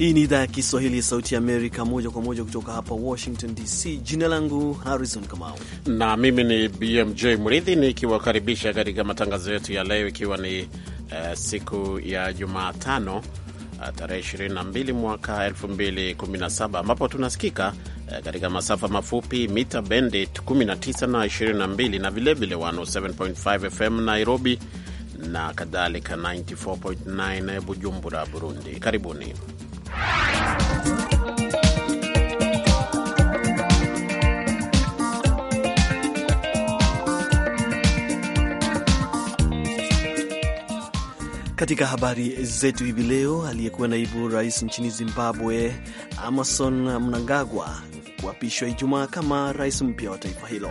Hii ni idhaa ya Kiswahili ya Sauti ya Amerika, moja kwa moja kutoka hapa Washington DC. Jina langu Harrison Kamau na mimi ni BMJ Mridhi nikiwakaribisha katika matangazo yetu ya leo, ikiwa ni uh, siku ya Jumatano uh, tarehe 22 mwaka 2017 ambapo tunasikika uh, katika masafa mafupi mita bendi 19 na 22 na vilevile 107.5 FM Nairobi na kadhalika 94.9 Bujumbura, Burundi. Karibuni. Katika habari zetu hivi leo, aliyekuwa naibu rais nchini Zimbabwe amason Mnangagwa kuapishwa Ijumaa kama rais mpya wa taifa hilo.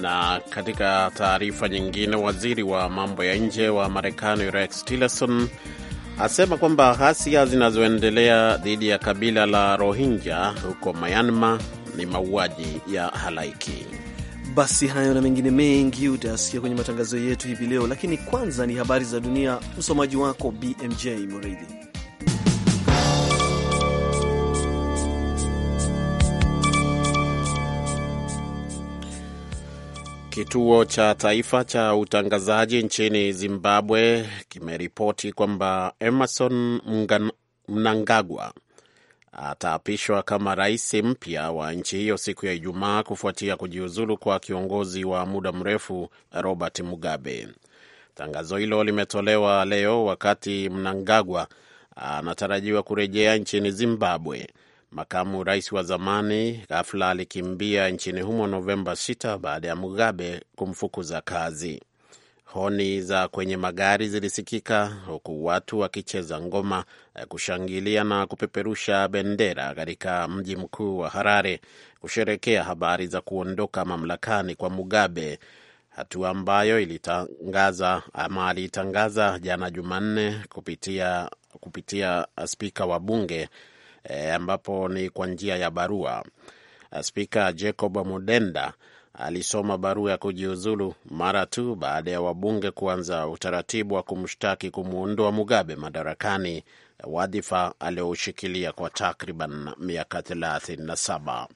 Na katika taarifa nyingine, waziri wa mambo ya nje wa Marekani Rex Tillerson asema kwamba ghasia zinazoendelea dhidi ya kabila la Rohingya huko Myanmar ni mauaji ya halaiki. Basi hayo na mengine mengi utayasikia kwenye matangazo yetu hivi leo, lakini kwanza ni habari za dunia. Msomaji wako BMJ Muridhi. Kituo cha Taifa cha Utangazaji nchini Zimbabwe kimeripoti kwamba Emerson Mnangagwa ataapishwa kama rais mpya wa nchi hiyo siku ya Ijumaa kufuatia kujiuzulu kwa kiongozi wa muda mrefu Robert Mugabe. Tangazo hilo limetolewa leo wakati Mnangagwa anatarajiwa kurejea nchini Zimbabwe. Makamu rais wa zamani ghafla alikimbia nchini humo Novemba 6 baada ya Mugabe kumfukuza kazi. Honi za kwenye magari zilisikika huku watu wakicheza ngoma, eh, kushangilia na kupeperusha bendera katika mji mkuu wa Harare kusherekea habari za kuondoka mamlakani kwa Mugabe, hatua ambayo ilitangaza ama aliitangaza jana Jumanne kupitia, kupitia spika wa bunge e, ambapo ni kwa njia ya barua. Spika Jacob Mudenda alisoma barua ya kujiuzulu mara tu baada ya wabunge kuanza utaratibu wa kumshtaki kumuundoa Mugabe madarakani, wadhifa aliyoushikilia kwa takriban miaka 37.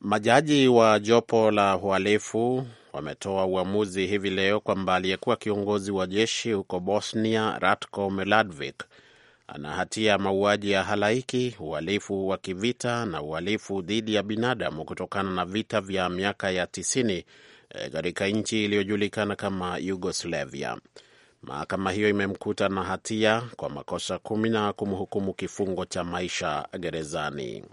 Majaji wa jopo la uhalifu wametoa uamuzi hivi leo kwamba aliyekuwa kiongozi wa jeshi huko Bosnia Ratko Mladic ana hatia ya mauaji ya halaiki, uhalifu wa kivita na uhalifu dhidi ya binadamu kutokana na vita vya miaka ya tisini eh, katika e, nchi iliyojulikana kama Yugoslavia. Mahakama hiyo imemkuta na hatia kwa makosa kumi na kumhukumu kifungo cha maisha gerezani.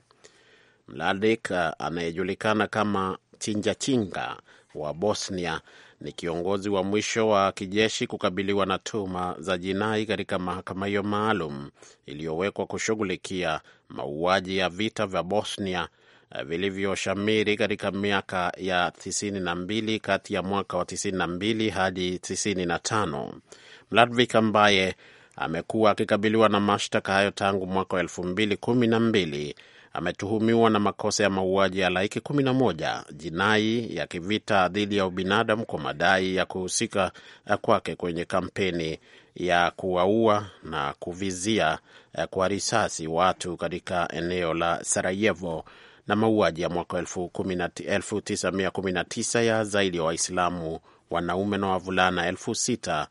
Mladic eh, anayejulikana kama Chinjachinga wa Bosnia ni kiongozi wa mwisho wa kijeshi kukabiliwa na tuhuma za jinai katika mahakama hiyo maalum iliyowekwa kushughulikia mauaji ya vita vya Bosnia eh, vilivyoshamiri katika miaka ya 92 kati ya mwaka wa 92 hadi 95. Mladvik ambaye amekuwa akikabiliwa na mashtaka hayo tangu mwaka wa elfu mbili kumi na mbili. Ametuhumiwa na makosa ya mauaji ya laiki na moja, jinai ya kivita dhidi ya ubinadamu kwa madai ya kuhusika eh, kwake kwenye kampeni ya kuwaua na kuvizia eh, kwa risasi watu katika eneo la Sarajevo na mauaji ya mwaka tisa ya zaidi ya Waislamu wanaume na wavulana elfu sita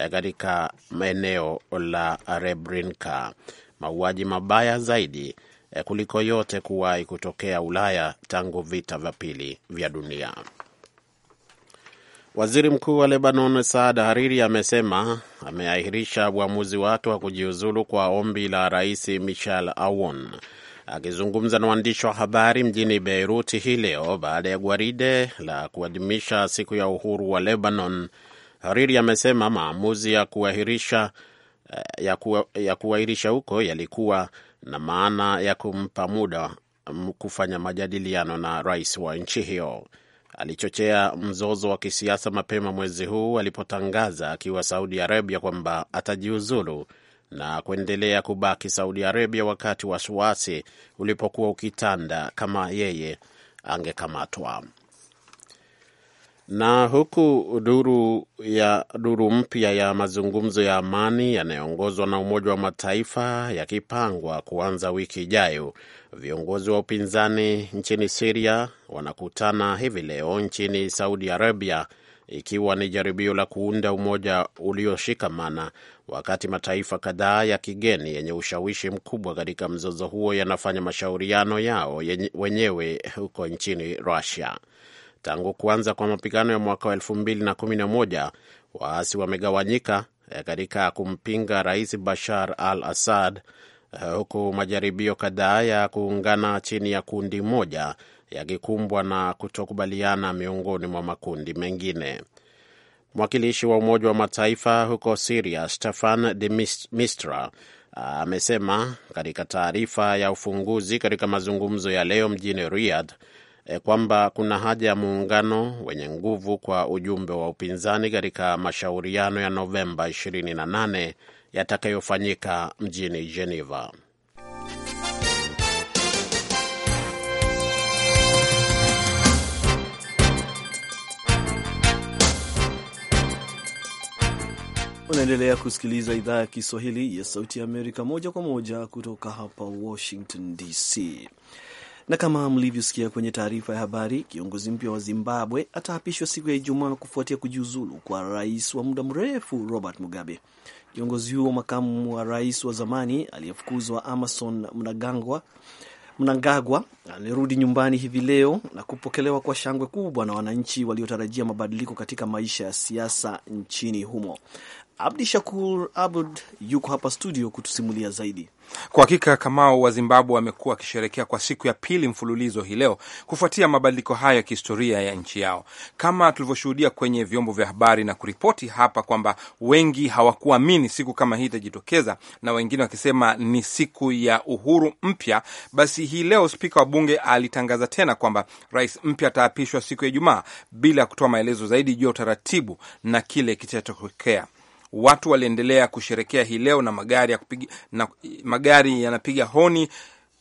Eh, katika eneo la Rebrinka, mauaji mabaya zaidi eh, kuliko yote kuwahi kutokea Ulaya tangu vita vya pili vya dunia. Waziri mkuu wa Lebanon Saad Hariri amesema ameahirisha uamuzi wake wa kujiuzulu kwa ombi la rais Michel Aoun. Akizungumza na waandishi wa habari mjini Beiruti hii leo baada ya gwaride la kuadhimisha siku ya uhuru wa Lebanon Hariri amesema maamuzi ya kuahirisha eh, ya, ku, ya kuahirisha huko yalikuwa na maana ya kumpa muda mm, kufanya majadiliano na rais wa nchi hiyo. Alichochea mzozo wa kisiasa mapema mwezi huu alipotangaza akiwa Saudi Arabia kwamba atajiuzulu na kuendelea kubaki Saudi Arabia wakati wasiwasi ulipokuwa ukitanda kama yeye angekamatwa. Na huku duru ya duru mpya ya mazungumzo ya amani yanayoongozwa na Umoja wa Mataifa yakipangwa kuanza wiki ijayo, viongozi wa upinzani nchini Siria wanakutana hivi leo nchini Saudi Arabia, ikiwa ni jaribio la kuunda umoja ulioshikamana, wakati mataifa kadhaa ya kigeni yenye ushawishi mkubwa katika mzozo huo yanafanya mashauriano yao wenyewe huko nchini Russia. Tangu kuanza kwa mapigano ya mwaka wa 2011 waasi wamegawanyika eh, katika kumpinga Rais Bashar al Assad, eh, huku majaribio kadhaa ya kuungana chini ya kundi moja yakikumbwa na kutokubaliana miongoni mwa makundi mengine. Mwakilishi wa Umoja wa Mataifa huko Siria, Stefan de Mistra, amesema katika taarifa ya ufunguzi katika mazungumzo ya leo mjini Riyadh Eh, kwamba kuna haja ya muungano wenye nguvu kwa ujumbe wa upinzani katika mashauriano ya Novemba 28 yatakayofanyika mjini Geneva. Unaendelea kusikiliza idhaa ya Kiswahili ya Sauti ya Amerika moja kwa moja kutoka hapa Washington DC. Na kama mlivyosikia kwenye taarifa ya habari, kiongozi mpya wa Zimbabwe ataapishwa siku ya Ijumaa kufuatia kujiuzulu kwa rais wa muda mrefu Robert Mugabe. Kiongozi huo makamu wa rais wa zamani aliyefukuzwa Amason Mnangagwa Mnangagwa alirudi nyumbani hivi leo na kupokelewa kwa shangwe kubwa na wananchi waliotarajia mabadiliko katika maisha ya siasa nchini humo. Abdi Shakur Abud yuko hapa studio kutusimulia zaidi. Kwa hakika Kamao wa Zimbabwe wamekuwa wakisherekea kwa siku ya pili mfululizo hii leo kufuatia mabadiliko hayo ya kihistoria ya nchi yao, kama tulivyoshuhudia kwenye vyombo vya habari na kuripoti hapa kwamba wengi hawakuamini siku kama hii itajitokeza, na wengine wakisema ni siku ya uhuru mpya. Basi hii leo spika wa bunge alitangaza tena kwamba rais mpya ataapishwa siku ya Ijumaa bila ya kutoa maelezo zaidi juu ya utaratibu na kile kitatokea watu waliendelea kusherekea hii leo na magari, ya kupiga na magari yanapiga honi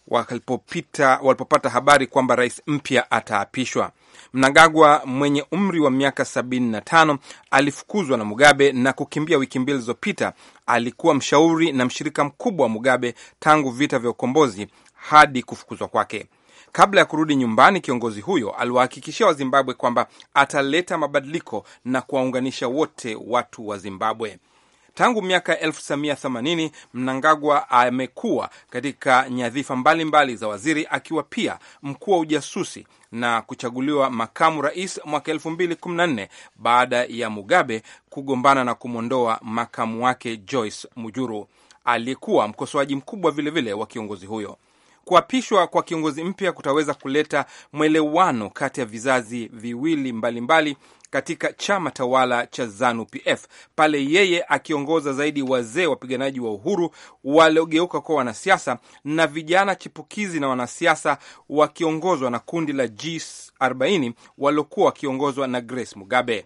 walipopita walipopata habari kwamba rais mpya ataapishwa. Mnangagwa mwenye umri wa miaka sabini na tano alifukuzwa na Mugabe na kukimbia wiki mbili zilizopita. Alikuwa mshauri na mshirika mkubwa wa Mugabe tangu vita vya ukombozi hadi kufukuzwa kwake. Kabla ya kurudi nyumbani, kiongozi huyo aliwahakikishia Wazimbabwe kwamba ataleta mabadiliko na kuwaunganisha wote watu wa Zimbabwe. Tangu miaka 1980 Mnangagwa amekuwa katika nyadhifa mbalimbali mbali za waziri, akiwa pia mkuu wa ujasusi na kuchaguliwa makamu rais mwaka 2014 baada ya Mugabe kugombana na kumwondoa makamu wake Joyce Mujuru, aliyekuwa mkosoaji mkubwa vilevile wa kiongozi huyo. Kuapishwa kwa kiongozi mpya kutaweza kuleta mwelewano kati ya vizazi viwili mbalimbali mbali katika chama tawala cha Zanu PF pale yeye akiongoza zaidi wazee wapiganaji wa uhuru waliogeuka kuwa wanasiasa na vijana chipukizi na wanasiasa wakiongozwa na kundi la G40 waliokuwa wakiongozwa na Grace Mugabe.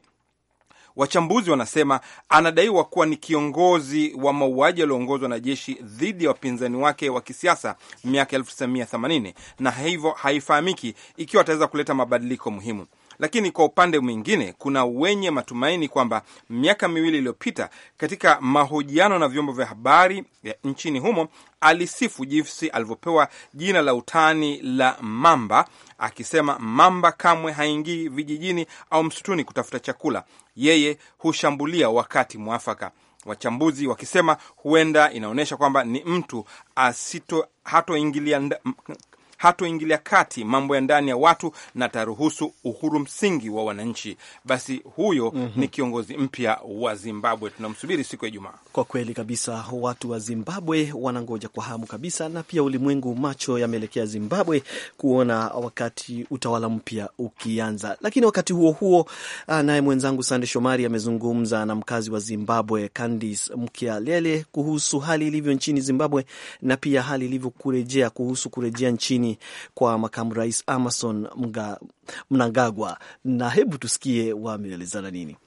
Wachambuzi wanasema anadaiwa kuwa ni kiongozi wa mauaji yaliyoongozwa na jeshi dhidi ya wapinzani wake wa kisiasa miaka 1980 na hivyo haifahamiki ikiwa ataweza kuleta mabadiliko muhimu. Lakini kwa upande mwingine kuna wenye matumaini kwamba miaka miwili iliyopita, katika mahojiano na vyombo vya habari nchini humo, alisifu jinsi alivyopewa jina la utani la Mamba akisema mamba kamwe haingii vijijini au msituni kutafuta chakula, yeye hushambulia wakati mwafaka. Wachambuzi wakisema huenda inaonyesha kwamba ni mtu asito hatoingilia hatoingilia kati mambo ya ndani ya watu na ataruhusu uhuru msingi wa wananchi. Basi huyo mm -hmm. ni kiongozi mpya wa Zimbabwe, tunamsubiri siku ya Ijumaa. Kwa kweli kabisa, watu wa Zimbabwe wanangoja kwa hamu kabisa, na pia ulimwengu macho yameelekea Zimbabwe kuona wakati utawala mpya ukianza. Lakini wakati huo huo, ah, naye mwenzangu Sande Shomari amezungumza na mkazi wa Zimbabwe Candice Mkialele kuhusu hali ilivyo nchini Zimbabwe na pia hali ilivyo kurejea kuhusu kurejea nchini kwa makamu rais Amason Mnangagwa, na hebu tusikie wameelezana nini.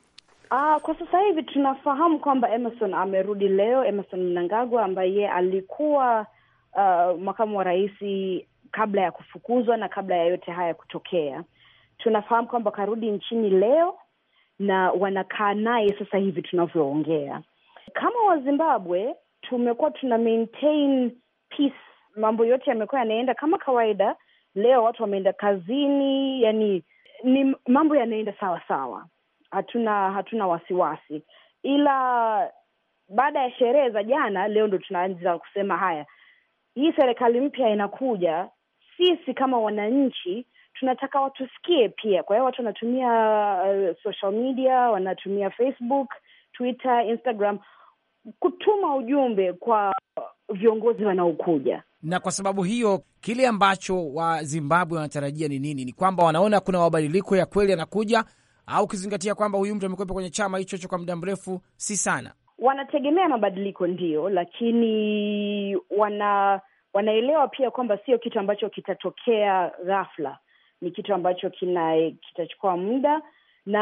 Uh, kwa sasa hivi tunafahamu kwamba Emerson amerudi leo, Emerson Mnangagwa ambaye ye alikuwa uh, makamu wa rais kabla ya kufukuzwa na kabla ya yote haya kutokea. Tunafahamu kwamba karudi nchini leo na wanakaa naye sasa hivi tunavyoongea. Kama Wazimbabwe tumekuwa tuna maintain peace mambo yote yamekuwa yanaenda kama kawaida. Leo watu wameenda kazini, yani ni mambo yanaenda sawa sawa, hatuna hatuna wasiwasi, ila baada ya sherehe za jana, leo ndo tunaanza kusema haya, hii serikali mpya inakuja, sisi kama wananchi tunataka watusikie pia. Kwa hiyo watu wanatumia uh, social media, wanatumia Facebook, Twitter, Instagram kutuma ujumbe kwa viongozi wanaokuja na kwa sababu hiyo kile ambacho wa Zimbabwe wanatarajia ni nini? Ni kwamba wanaona kuna mabadiliko ya kweli yanakuja, au ukizingatia kwamba huyu mtu amekuwepo kwenye chama hicho hicho kwa muda mrefu, si sana. Wanategemea mabadiliko ndio lakini wana wanaelewa pia kwamba sio kitu ambacho kitatokea ghafla, ni kitu ambacho kina kitachukua muda, na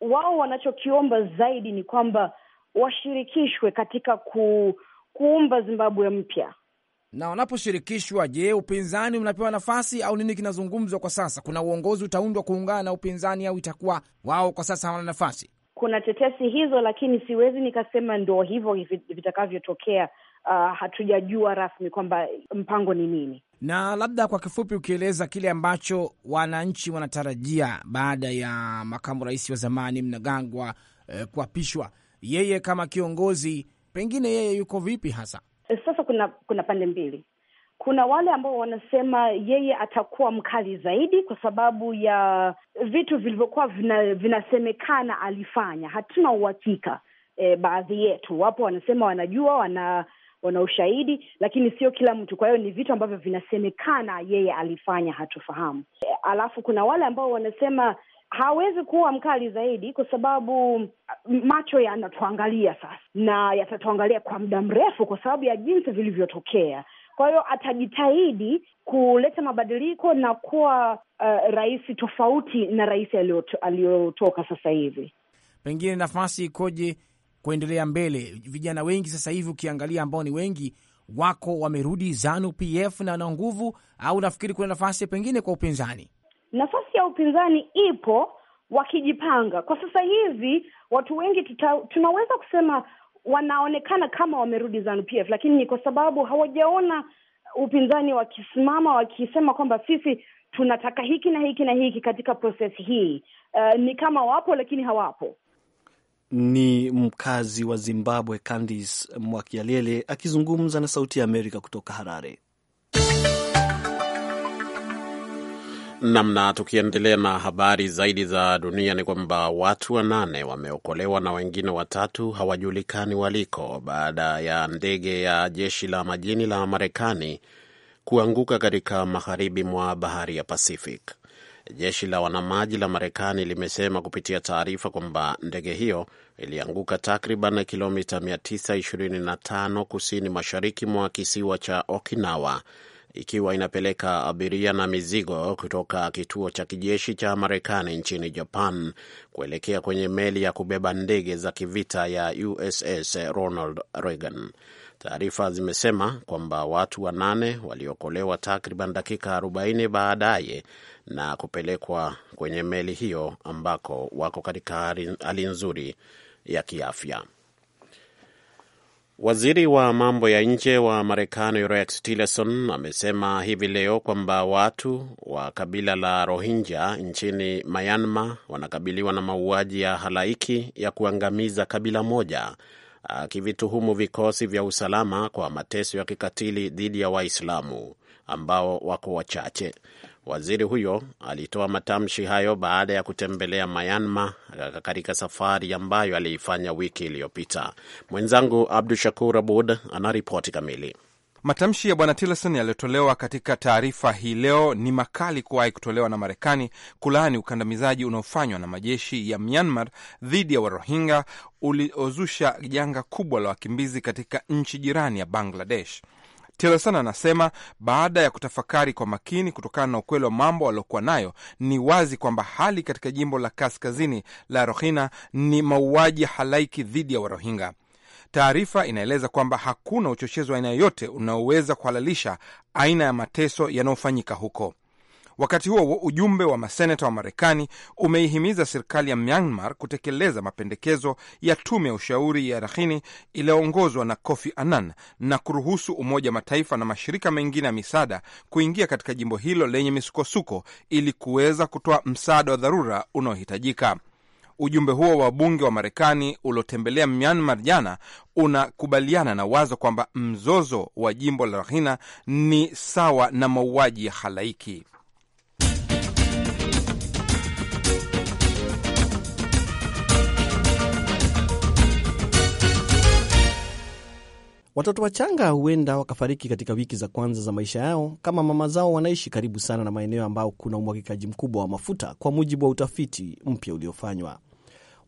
wao wanachokiomba zaidi ni kwamba washirikishwe katika ku, kuumba Zimbabwe mpya na wanaposhirikishwa, je, upinzani unapewa nafasi au nini kinazungumzwa kwa sasa? Kuna uongozi utaundwa kuungana na upinzani au itakuwa wao kwa sasa hawana nafasi? Kuna tetesi hizo, lakini siwezi nikasema ndo hivyo vitakavyotokea. Uh, hatujajua rasmi kwamba mpango ni nini, na labda kwa kifupi ukieleza kile ambacho wananchi wanatarajia baada ya makamu rais wa zamani Mnangagwa eh, kuapishwa, yeye kama kiongozi, pengine yeye yuko vipi hasa? kuna kuna pande mbili. Kuna wale ambao wanasema yeye atakuwa mkali zaidi kwa sababu ya vitu vilivyokuwa vina, vinasemekana alifanya. Hatuna uhakika e, baadhi yetu wapo wanasema wanajua, wana wana ushahidi, lakini sio kila mtu. Kwa hiyo ni vitu ambavyo vinasemekana yeye alifanya, hatufahamu. E, alafu kuna wale ambao wanasema hawezi kuwa mkali zaidi kwa sababu mm, macho yanatuangalia sasa, na yatatuangalia kwa muda mrefu kwa sababu ya jinsi vilivyotokea. Kwa hiyo atajitahidi kuleta mabadiliko na kuwa uh, rais tofauti na rais aliyotoka sasa hivi. Pengine nafasi ikoje kuendelea mbele? Vijana wengi sasa hivi ukiangalia, ambao ni wengi wako wamerudi Zanu PF na wana nguvu, au nafikiri kuna nafasi pengine kwa upinzani? nafasi ya upinzani ipo wakijipanga. Kwa sasa hivi watu wengi tuta, tunaweza kusema wanaonekana kama wamerudi zanupf lakini ni kwa sababu hawajaona upinzani wakisimama wakisema kwamba sisi tunataka hiki na hiki na hiki katika proses hii. Uh, ni kama wapo lakini hawapo. Ni mkazi wa Zimbabwe candis Mwakialele akizungumza na Sauti ya Amerika kutoka Harare. Namna tukiendelea na habari zaidi za dunia ni kwamba watu wanane wameokolewa na wengine watatu hawajulikani waliko baada ya ndege ya jeshi la majini la Marekani kuanguka katika magharibi mwa bahari ya Pacific. Jeshi la wanamaji la Marekani limesema kupitia taarifa kwamba ndege hiyo ilianguka takriban kilomita 925 kusini mashariki mwa kisiwa cha Okinawa ikiwa inapeleka abiria na mizigo kutoka kituo cha kijeshi cha Marekani nchini Japan kuelekea kwenye meli ya kubeba ndege za kivita ya USS Ronald Reagan. Taarifa zimesema kwamba watu wanane waliokolewa takriban dakika 40 baadaye na kupelekwa kwenye meli hiyo ambako wako katika hali nzuri ya kiafya. Waziri wa mambo ya nje wa Marekani Rex Tillerson amesema hivi leo kwamba watu wa kabila la Rohingya nchini Myanmar wanakabiliwa na mauaji ya halaiki ya kuangamiza kabila moja, akivituhumu vikosi vya usalama kwa mateso ya kikatili dhidi ya Waislamu ambao wako wachache. Waziri huyo alitoa matamshi hayo baada ya kutembelea Myanmar eh, katika safari ambayo aliifanya wiki iliyopita. Mwenzangu Abdu Shakur Abud anaripoti kamili. Matamshi ya bwana Tillerson yaliyotolewa katika taarifa hii leo ni makali kuwahi kutolewa na Marekani kulaani ukandamizaji unaofanywa na majeshi ya Myanmar dhidi ya Warohingya uliozusha janga kubwa la wakimbizi katika nchi jirani ya Bangladesh. Tillerson anasema baada ya kutafakari kwa makini, kutokana na ukweli wa mambo aliokuwa nayo, ni wazi kwamba hali katika jimbo la kaskazini la Rohingya ni mauaji halaiki dhidi ya Warohingya. Taarifa inaeleza kwamba hakuna uchochezi wa aina yoyote unaoweza kuhalalisha aina ya mateso yanayofanyika huko. Wakati huo huo, ujumbe wa maseneta wa Marekani umeihimiza serikali ya Myanmar kutekeleza mapendekezo ya tume ya ushauri ya Rakhine iliyoongozwa na Kofi Annan na kuruhusu Umoja Mataifa na mashirika mengine ya misaada kuingia katika jimbo hilo lenye misukosuko ili kuweza kutoa msaada wa dharura unaohitajika. Ujumbe huo wa bunge wa Marekani uliotembelea Myanmar jana unakubaliana na wazo kwamba mzozo wa jimbo la Rakhine ni sawa na mauaji ya halaiki. Watoto wachanga huenda wakafariki katika wiki za kwanza za maisha yao kama mama zao wanaishi karibu sana na maeneo ambayo kuna umwagikaji mkubwa wa mafuta, kwa mujibu wa utafiti mpya uliofanywa.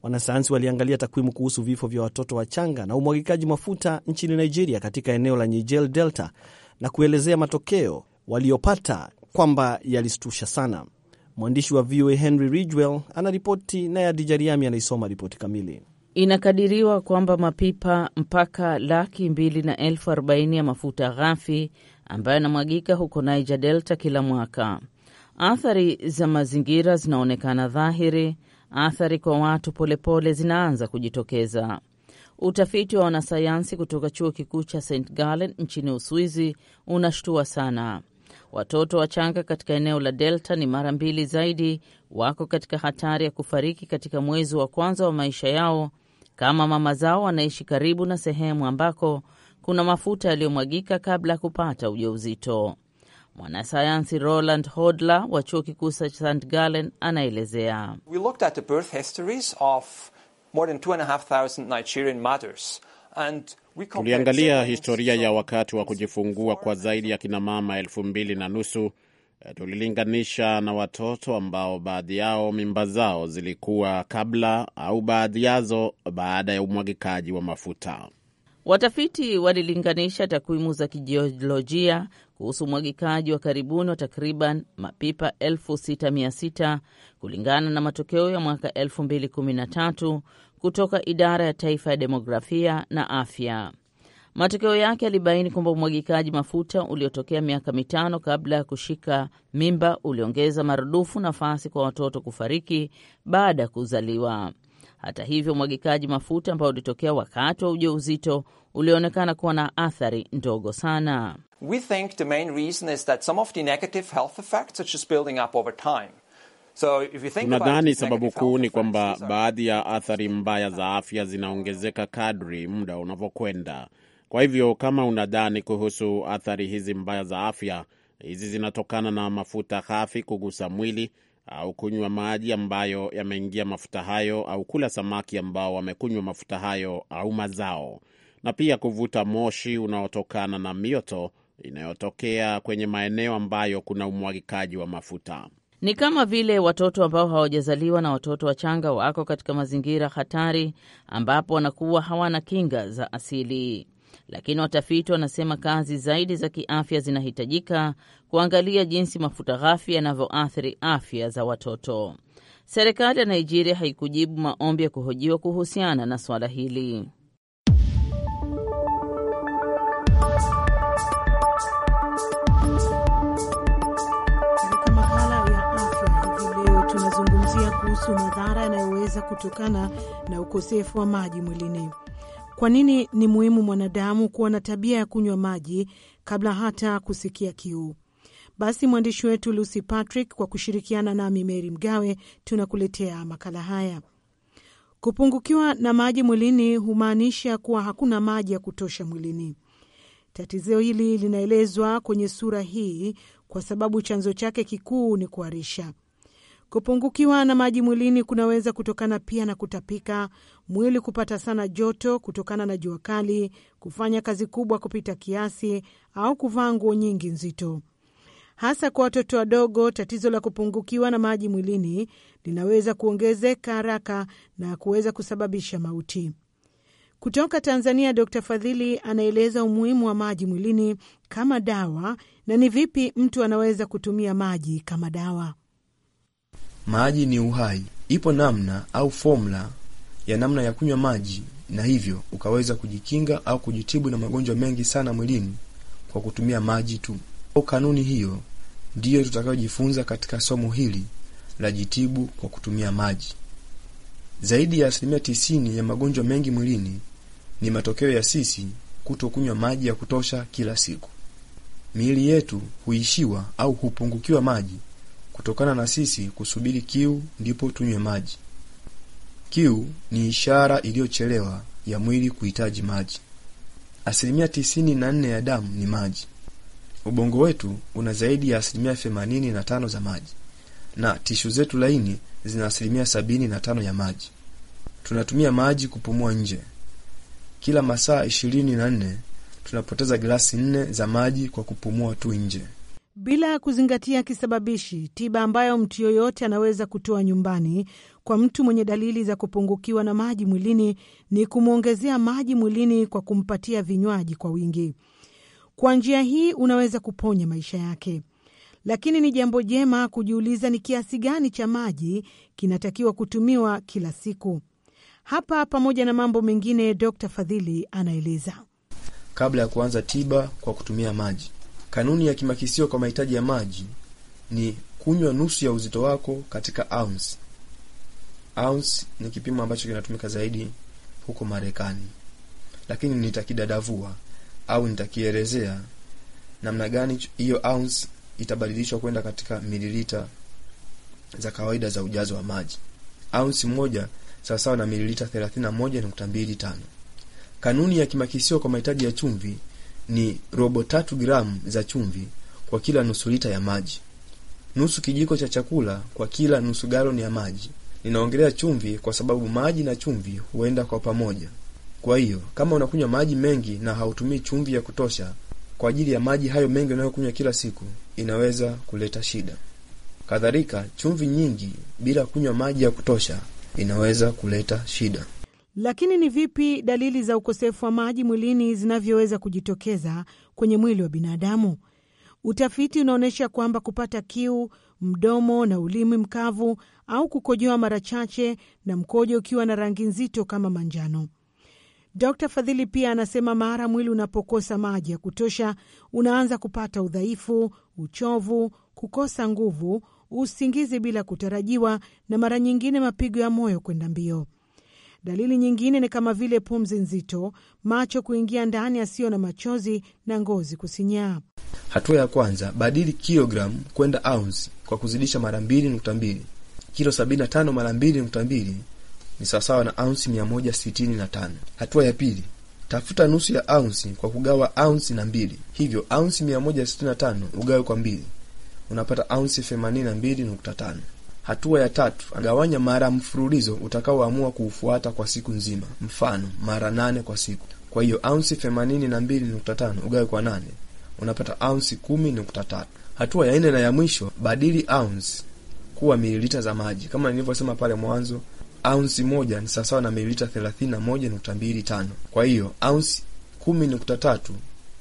Wanasayansi waliangalia takwimu kuhusu vifo vya watoto wachanga na umwagikaji mafuta nchini Nigeria, katika eneo la Niger Delta, na kuelezea matokeo waliyopata kwamba yalistusha sana. Mwandishi wa VOA Henry Ridgwell anaripoti, naye adijariami anaisoma ripoti kamili. Inakadiriwa kwamba mapipa mpaka laki mbili na elfu arobaini ya mafuta ghafi ambayo yanamwagika huko Niger Delta kila mwaka. Athari za mazingira zinaonekana dhahiri. Athari kwa watu polepole zinaanza kujitokeza. Utafiti wa wanasayansi kutoka chuo kikuu cha St Gallen nchini Uswizi unashtua sana. Watoto wachanga katika eneo la Delta ni mara mbili zaidi wako katika hatari ya kufariki katika mwezi wa kwanza wa maisha yao kama mama zao wanaishi karibu na sehemu ambako kuna mafuta yaliyomwagika kabla ya kupata ujauzito. Mwanasayansi Roland Hodler wa chuo kikuu cha St Gallen anaelezea, tuliangalia historia ya wakati wa kujifungua kwa zaidi ya kinamama elfu mbili na nusu Eh, tulilinganisha na watoto ambao baadhi yao mimba zao zilikuwa kabla au baadhi yazo baada ya umwagikaji wa mafuta. Watafiti walilinganisha takwimu za kijiolojia kuhusu umwagikaji wa karibuni wa takriban mapipa 6600 kulingana na matokeo ya mwaka 2013 kutoka idara ya taifa ya demografia na afya. Matokeo yake yalibaini kwamba umwagikaji mafuta uliotokea miaka mitano kabla ya kushika mimba uliongeza maradufu nafasi kwa watoto kufariki baada ya kuzaliwa. Hata hivyo, umwagikaji mafuta ambao ulitokea wakati wa ujauzito ulionekana kuwa na athari ndogo sana. We think the main reason is that some of the negative health effects building up over time. Tunadhani so sababu kuu ni kwamba baadhi ya athari mbaya za afya zinaongezeka kadri muda unavyokwenda. Kwa hivyo kama unadhani kuhusu athari hizi mbaya za afya, hizi zinatokana na mafuta ghafi kugusa mwili au kunywa maji ambayo yameingia mafuta hayo au kula samaki ambao wamekunywa mafuta hayo au mazao, na pia kuvuta moshi unaotokana na mioto inayotokea kwenye maeneo ambayo kuna umwagikaji wa mafuta. Ni kama vile watoto ambao hawajazaliwa na watoto wachanga wako katika mazingira hatari, ambapo wanakuwa hawana kinga za asili lakini watafiti wanasema kazi zaidi za kiafya zinahitajika kuangalia jinsi mafuta ghafi yanavyoathiri afya za watoto. Serikali ya Nigeria haikujibu maombi ya kuhojiwa kuhusiana na suala hili. Tunazungumzia kuhusu madhara yanayoweza kutokana na ukosefu wa maji mwilini. Kwa nini ni muhimu mwanadamu kuwa na tabia ya kunywa maji kabla hata kusikia kiu? Basi mwandishi wetu Lucy Patrick kwa kushirikiana nami Meri Mgawe tunakuletea makala haya. Kupungukiwa na maji mwilini humaanisha kuwa hakuna maji ya kutosha mwilini. Tatizo hili linaelezwa kwenye sura hii kwa sababu chanzo chake kikuu ni kuharisha. Kupungukiwa na maji mwilini kunaweza kutokana pia na kutapika, mwili kupata sana joto kutokana na jua kali, kufanya kazi kubwa kupita kiasi, au kuvaa nguo nyingi nzito. Hasa kwa watoto wadogo, tatizo la kupungukiwa na maji mwilini linaweza kuongezeka haraka na kuweza kusababisha mauti. Kutoka Tanzania, Dkt Fadhili anaeleza umuhimu wa maji mwilini kama dawa na ni vipi mtu anaweza kutumia maji kama dawa maji ni uhai. Ipo namna au fomula ya namna ya kunywa maji, na hivyo ukaweza kujikinga au kujitibu na magonjwa mengi sana mwilini kwa kutumia maji tu. O kanuni hiyo ndiyo tutakayojifunza katika somo hili la jitibu kwa kutumia maji. Zaidi ya asilimia tisini ya magonjwa mengi mwilini ni matokeo ya sisi kutokunywa maji ya kutosha kila siku. Miili yetu huishiwa au hupungukiwa maji kutokana na sisi kusubiri kiu ndipo tunywe maji. Kiu ni ishara iliyochelewa ya mwili kuhitaji maji. Asilimia tisini na nne ya damu ni maji. Ubongo wetu una zaidi ya asilimia themanini na tano za maji na tishu zetu laini zina asilimia sabini na tano ya maji. Tunatumia maji kupumua nje. Kila masaa ishirini na nne tunapoteza glasi nne za maji kwa kupumua tu nje bila kuzingatia kisababishi, tiba ambayo mtu yoyote anaweza kutoa nyumbani kwa mtu mwenye dalili za kupungukiwa na maji mwilini ni kumwongezea maji mwilini kwa kumpatia vinywaji kwa wingi. Kwa njia hii unaweza kuponya maisha yake, lakini ni jambo jema kujiuliza ni kiasi gani cha maji kinatakiwa kutumiwa kila siku. Hapa pamoja na mambo mengine, Dr Fadhili anaeleza kabla ya kuanza tiba kwa kutumia maji Kanuni ya kimakisio kwa mahitaji ya maji ni kunywa nusu ya uzito wako katika ounce. Ounce ni kipimo ambacho kinatumika zaidi huko Marekani, lakini nitakidadavua au nitakielezea namna gani hiyo ounce itabadilishwa kwenda katika mililita za kawaida za ujazo wa maji. Ounce moja sawasawa na mililita 31.25. Kanuni ya kimakisio kwa mahitaji ya chumvi ni robo tatu gramu za chumvi kwa kila nusu lita ya maji, nusu kijiko cha chakula kwa kila nusu galoni ya maji. Ninaongelea chumvi kwa sababu maji na chumvi huenda kwa pamoja. Kwa hiyo kama unakunywa maji mengi na hautumii chumvi ya kutosha kwa ajili ya maji hayo mengi unayokunywa kila siku, inaweza kuleta shida. Kadhalika, chumvi nyingi bila kunywa maji ya kutosha inaweza kuleta shida. Lakini ni vipi dalili za ukosefu wa maji mwilini zinavyoweza kujitokeza kwenye mwili wa binadamu? Utafiti unaonyesha kwamba kupata kiu, mdomo na ulimi mkavu au kukojoa mara chache na mkojo ukiwa na rangi nzito kama manjano. Dr. Fadhili pia anasema mara mwili unapokosa maji ya kutosha, unaanza kupata udhaifu, uchovu, kukosa nguvu, usingizi bila kutarajiwa na mara nyingine mapigo ya moyo kwenda mbio. Dalili nyingine ni kama vile pumzi nzito, macho kuingia ndani yasiyo na machozi na ngozi kusinyaa. Hatua ya kwanza, badili kilogram kwenda aunsi kwa kuzidisha mara mbili nukta mbili. Kilo 75 mara mbili nukta mbili ni sawasawa na aunsi 165. Hatua ya pili, tafuta nusu ya aunsi kwa kugawa aunsi na mbili, hivyo aunsi 165 ugawe kwa mbili, unapata aunsi 82.5. Hatua ya tatu, agawanya mara mfululizo utakaoamua kuufuata kwa siku nzima, mfano mara nane kwa siku. Kwa hiyo aunsi themanini na mbili nukta tano ugawe kwa nane unapata aunsi kumi nukta tatu. Hatua ya nne na ya mwisho, badili aunsi kuwa mililita za maji. Kama nilivyosema pale mwanzo, aunsi moja ni sawasawa na mililita thelathini na moja nukta mbili tano. Kwa hiyo aunsi kumi nukta tatu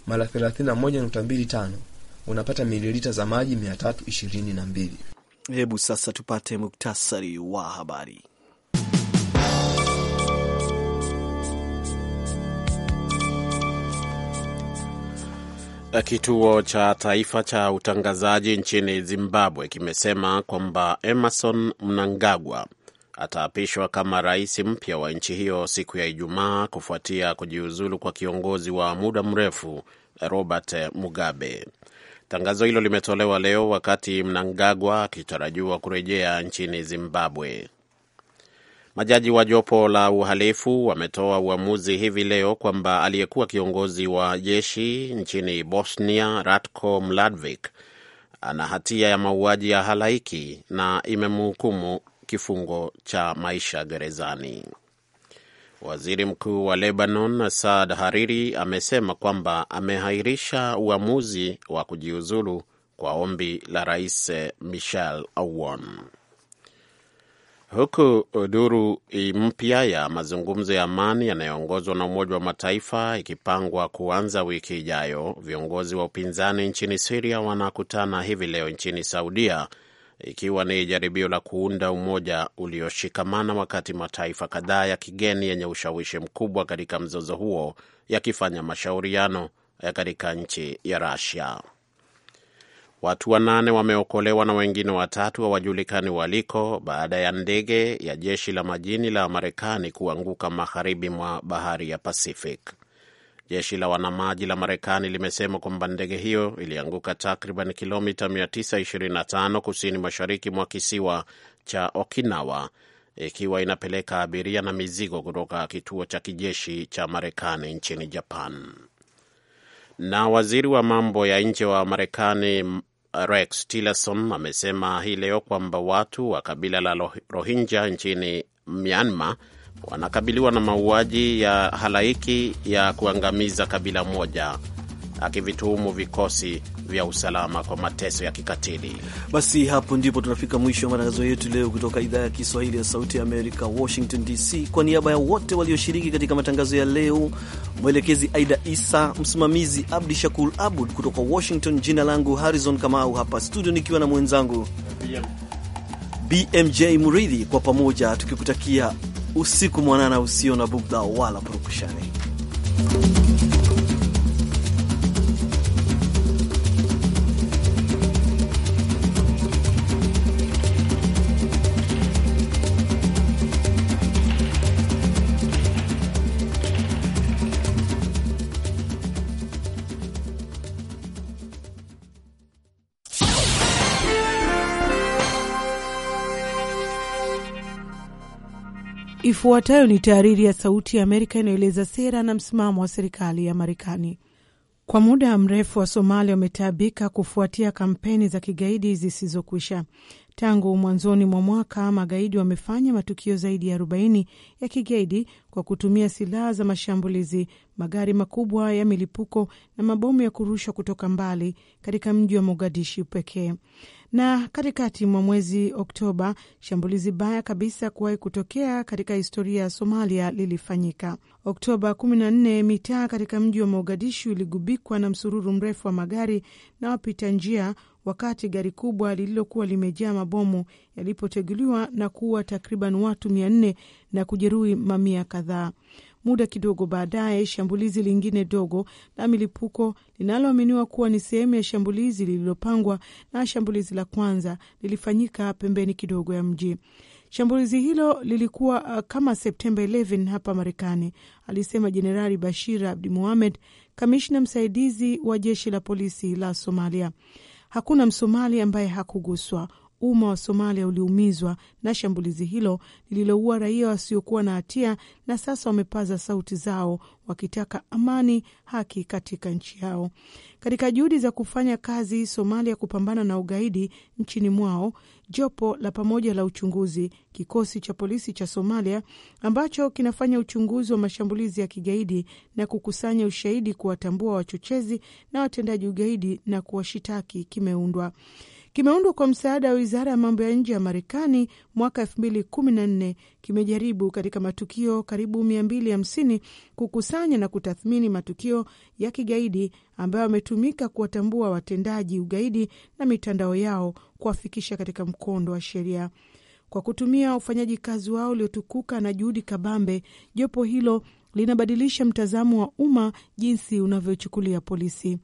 mara thelathini na moja nukta mbili tano unapata mililita za maji mia tatu ishirini na mbili. Hebu sasa tupate muktasari wa habari. Kituo cha taifa cha utangazaji nchini Zimbabwe kimesema kwamba Emerson Mnangagwa ataapishwa kama rais mpya wa nchi hiyo siku ya Ijumaa kufuatia kujiuzulu kwa kiongozi wa muda mrefu Robert Mugabe. Tangazo hilo limetolewa leo wakati Mnangagwa akitarajiwa kurejea nchini Zimbabwe. Majaji wa jopo la uhalifu wametoa uamuzi hivi leo kwamba aliyekuwa kiongozi wa jeshi nchini Bosnia Ratko Mladic ana hatia ya mauaji ya halaiki na imemhukumu kifungo cha maisha gerezani. Waziri mkuu wa Lebanon Saad Hariri amesema kwamba ameahirisha uamuzi wa kujiuzulu kwa ombi la rais Michel Aoun. Huku duru mpya ya mazungumzo ya amani yanayoongozwa na Umoja wa Mataifa ikipangwa kuanza wiki ijayo, viongozi wa upinzani nchini Siria wanakutana hivi leo nchini Saudia ikiwa ni jaribio la kuunda umoja ulioshikamana wakati mataifa kadhaa ya kigeni yenye ushawishi mkubwa katika mzozo huo yakifanya mashauriano ya katika nchi ya rasia Watu wanane wameokolewa na wengine watatu hawajulikani waliko baada ya ndege ya jeshi la majini la Marekani kuanguka magharibi mwa bahari ya Pacific. Jeshi la wanamaji la Marekani limesema kwamba ndege hiyo ilianguka takriban kilomita 925 kusini mashariki mwa kisiwa cha Okinawa ikiwa inapeleka abiria na mizigo kutoka kituo cha kijeshi cha Marekani nchini Japan. Na waziri wa mambo ya nje wa Marekani Rex Tillerson amesema hii leo kwamba watu wa kabila la Rohingya nchini Myanmar wanakabiliwa na mauaji ya halaiki ya kuangamiza kabila moja akivituhumu vikosi vya usalama kwa mateso ya kikatili. Basi hapo ndipo tunafika mwisho wa matangazo yetu leo kutoka idhaa ya Kiswahili ya Sauti ya Amerika, Washington DC. Kwa niaba ya wote walioshiriki katika matangazo ya leo, mwelekezi Aida Isa, msimamizi Abdi Shakur Abud kutoka Washington, jina langu Harrison Kamau, hapa studio nikiwa na mwenzangu BMJ Muridhi, kwa pamoja tukikutakia usiku mwanana usio na bugdha wala purukushani. Ifuatayo ni tahariri ya Sauti ya Amerika inayoeleza sera na msimamo wa serikali ya Marekani. Kwa muda mrefu wa Somalia wametaabika kufuatia kampeni za kigaidi zisizokwisha. Tangu mwanzoni mwa mwaka, magaidi wamefanya matukio zaidi ya 40 ya kigaidi kwa kutumia silaha za mashambulizi, magari makubwa ya milipuko na mabomu ya kurushwa kutoka mbali katika mji wa Mogadishu pekee. Na katikati mwa mwezi Oktoba, shambulizi baya kabisa kuwahi kutokea katika historia ya Somalia lilifanyika. Oktoba 14, mitaa katika mji wa Mogadishu iligubikwa na msururu mrefu wa magari na wapita njia, wakati gari kubwa lililokuwa limejaa mabomu yalipoteguliwa na kuua takriban watu 400 na kujeruhi mamia kadhaa. Muda kidogo baadaye, shambulizi lingine dogo la milipuko linaloaminiwa kuwa ni sehemu ya shambulizi lililopangwa na shambulizi la kwanza lilifanyika pembeni kidogo ya mji. Shambulizi hilo lilikuwa uh, kama Septemba 11 hapa Marekani, alisema Jenerali Bashir Abdi Muhamed, kamishna msaidizi wa jeshi la polisi la Somalia. Hakuna Msomali ambaye hakuguswa. Umma wa Somalia uliumizwa na shambulizi hilo lililoua raia wasiokuwa na hatia, na sasa wamepaza sauti zao wakitaka amani, haki katika nchi yao. Katika juhudi za kufanya kazi Somalia kupambana na ugaidi nchini mwao, jopo la pamoja la uchunguzi, kikosi cha polisi cha Somalia ambacho kinafanya uchunguzi wa mashambulizi ya kigaidi na kukusanya ushahidi, kuwatambua wachochezi na watendaji ugaidi na kuwashitaki kimeundwa kimeundwa kwa msaada wa wizara ya mambo ya nje ya Marekani mwaka 2014. Kimejaribu katika matukio karibu 250 kukusanya na kutathmini matukio ya kigaidi ambayo wametumika kuwatambua watendaji ugaidi na mitandao yao, kuwafikisha katika mkondo wa sheria kwa kutumia ufanyaji kazi wao uliotukuka na juhudi kabambe, jopo hilo linabadilisha mtazamo wa umma jinsi unavyochukulia polisi.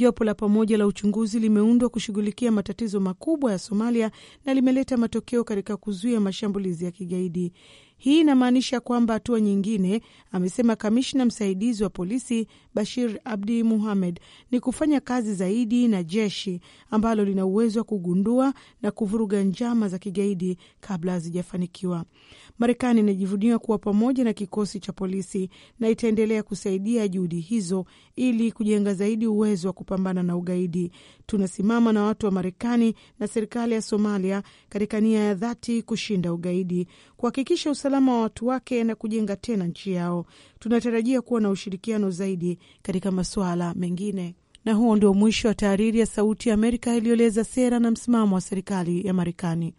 Jopo la pamoja la uchunguzi limeundwa kushughulikia matatizo makubwa ya Somalia na limeleta matokeo katika kuzuia mashambulizi ya kigaidi. Hii inamaanisha kwamba hatua nyingine, amesema kamishna msaidizi wa polisi Bashir Abdi Muhamed, ni kufanya kazi zaidi na jeshi ambalo lina uwezo wa kugundua na kuvuruga njama za kigaidi kabla hazijafanikiwa. Marekani inajivunia kuwa pamoja na kikosi cha polisi na itaendelea kusaidia juhudi hizo ili kujenga zaidi uwezo wa kupambana na ugaidi. Tunasimama na watu wa Marekani na serikali ya Somalia katika nia ya dhati kushinda ugaidi, kuhakikisha usalama wa watu wake na kujenga tena nchi yao. Tunatarajia kuwa na ushirikiano zaidi katika masuala mengine. Na huo ndio mwisho wa tahariri ya Sauti ya Amerika iliyoeleza sera na msimamo wa serikali ya Marekani.